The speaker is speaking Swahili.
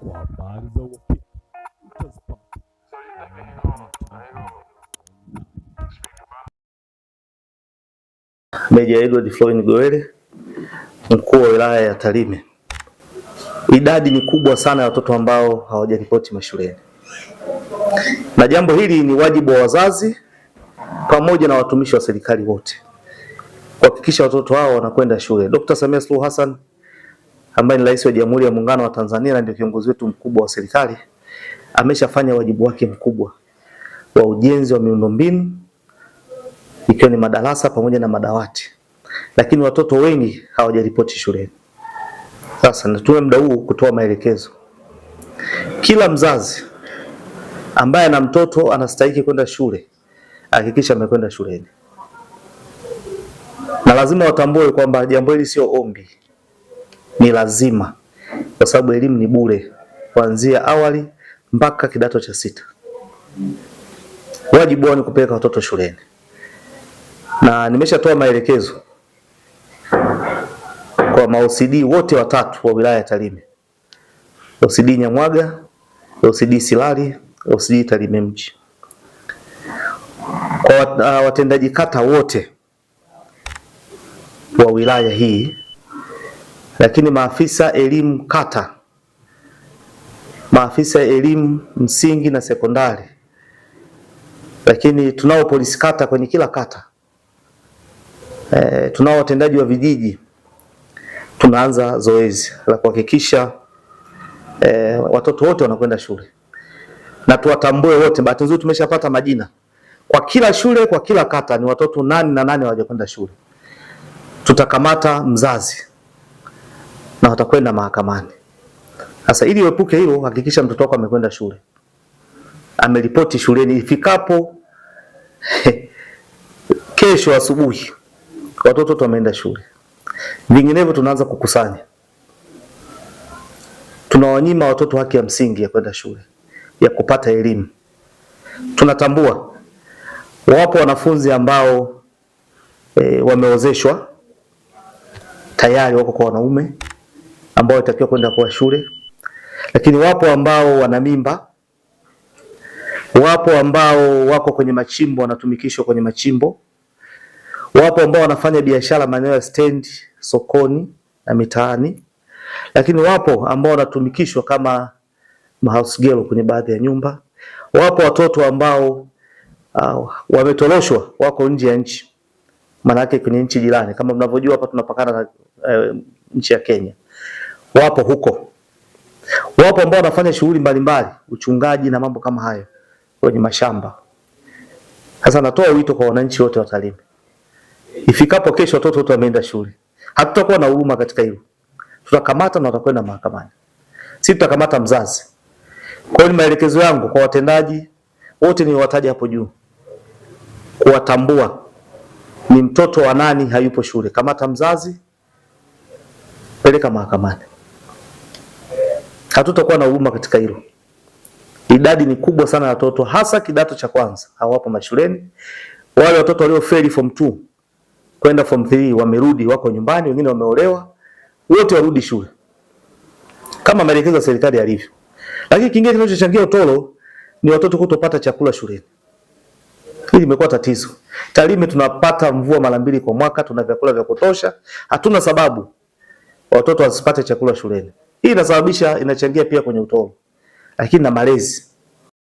kwa habari za Meja Edward Floyd Gowele, mkuu wa wilaya ya Tarime. Idadi ni kubwa sana ya watoto ambao hawajaripoti mashuleni, na jambo hili ni wajibu wa wazazi pamoja na watumishi wa serikali wote kuhakikisha watoto hao wanakwenda shule. Dr. Samia Suluhu Hassan ambaye ni rais wa Jamhuri ya Muungano wa Tanzania na ndio kiongozi wetu mkubwa wa serikali, ameshafanya wajibu wake mkubwa wa ujenzi wa miundombinu ikiwa ni madarasa pamoja na madawati, lakini watoto wengi hawajaripoti shuleni. Sasa natumia muda huu kutoa maelekezo. Kila mzazi ambaye ana mtoto anastahili kwenda shule, hakikisha amekwenda shuleni, na lazima watambue kwamba jambo hili sio ombi ni lazima, kwa sababu elimu ni bure kuanzia awali mpaka kidato cha sita. Wajibu wao ni kupeleka watoto shuleni, na nimeshatoa maelekezo kwa maosidi wote watatu wa wilaya ya Tarime, osidi Nyamwaga, osidi Silali, osidi Tarime mji, kwa uh, watendaji kata wote wa wilaya hii lakini maafisa elimu kata, maafisa elimu msingi na sekondari, lakini tunao polisi kata kwenye kila kata e, tunao watendaji wa vijiji. Tunaanza zoezi la kuhakikisha e, watoto wote wanakwenda shule na tuwatambue wote. Bahati nzuri tumeshapata majina kwa kila shule, kwa kila kata, ni watoto nani na nani hawajakwenda shule. Tutakamata mzazi na watakwenda mahakamani. Sasa ili uepuke hilo, hakikisha mtoto wako amekwenda shule, ameripoti shuleni ifikapo kesho asubuhi, watoto tu wameenda shule. Vinginevyo tunaanza kukusanya, tunawanyima watoto haki ya msingi ya kwenda shule, ya kupata elimu. Tunatambua wapo wanafunzi ambao e, wameozeshwa tayari, wako kwa wanaume ambao walitakiwa kwenda kwa shule, lakini wapo ambao wana mimba, wapo ambao wako kwenye machimbo, wanatumikishwa kwenye machimbo, wapo ambao wanafanya biashara maeneo ya stendi, sokoni na mitaani, lakini wapo ambao wanatumikishwa kama mahouse girl kwenye baadhi ya nyumba. Wapo watoto ambao uh, wametoroshwa wako nje ya nchi, maana kwenye nchi jirani. Kama mnavyojua hapa tunapakana na uh, nchi ya Kenya wapo huko, wapo ambao wanafanya shughuli mbalimbali, uchungaji na mambo kama hayo kwenye mashamba. Sasa natoa wito kwa wananchi wote wa Tarime, ifikapo kesho watoto wote wameenda shule, hatutakuwa na huruma katika hilo. Tutakamata na watakwenda mahakamani, si tutakamata mzazi. Kwa hiyo maelekezo yangu kwa watendaji wote niliwataja hapo juu, kuwatambua ni mtoto wa nani hayupo shule, kamata mzazi, peleka mahakamani. Hatutakuwa na huruma katika hilo. Idadi ni kubwa sana ya watoto hasa kidato cha kwanza hawapo mashuleni. Wale watoto waliofeli form 2 kwenda form 3 wamerudi, wako nyumbani, wengine wameolewa, wote warudi shule kama maelekezo ya serikali yalivyo. Lakini kingine kinachochangia utoro ni watoto kutopata chakula shuleni. Hili limekuwa tatizo. Tarime tunapata mvua mara mbili kwa mwaka, tuna vyakula vya kutosha, hatuna sababu watoto wasipate chakula shuleni. Hii inasababisha inachangia pia kwenye utoro, lakini na malezi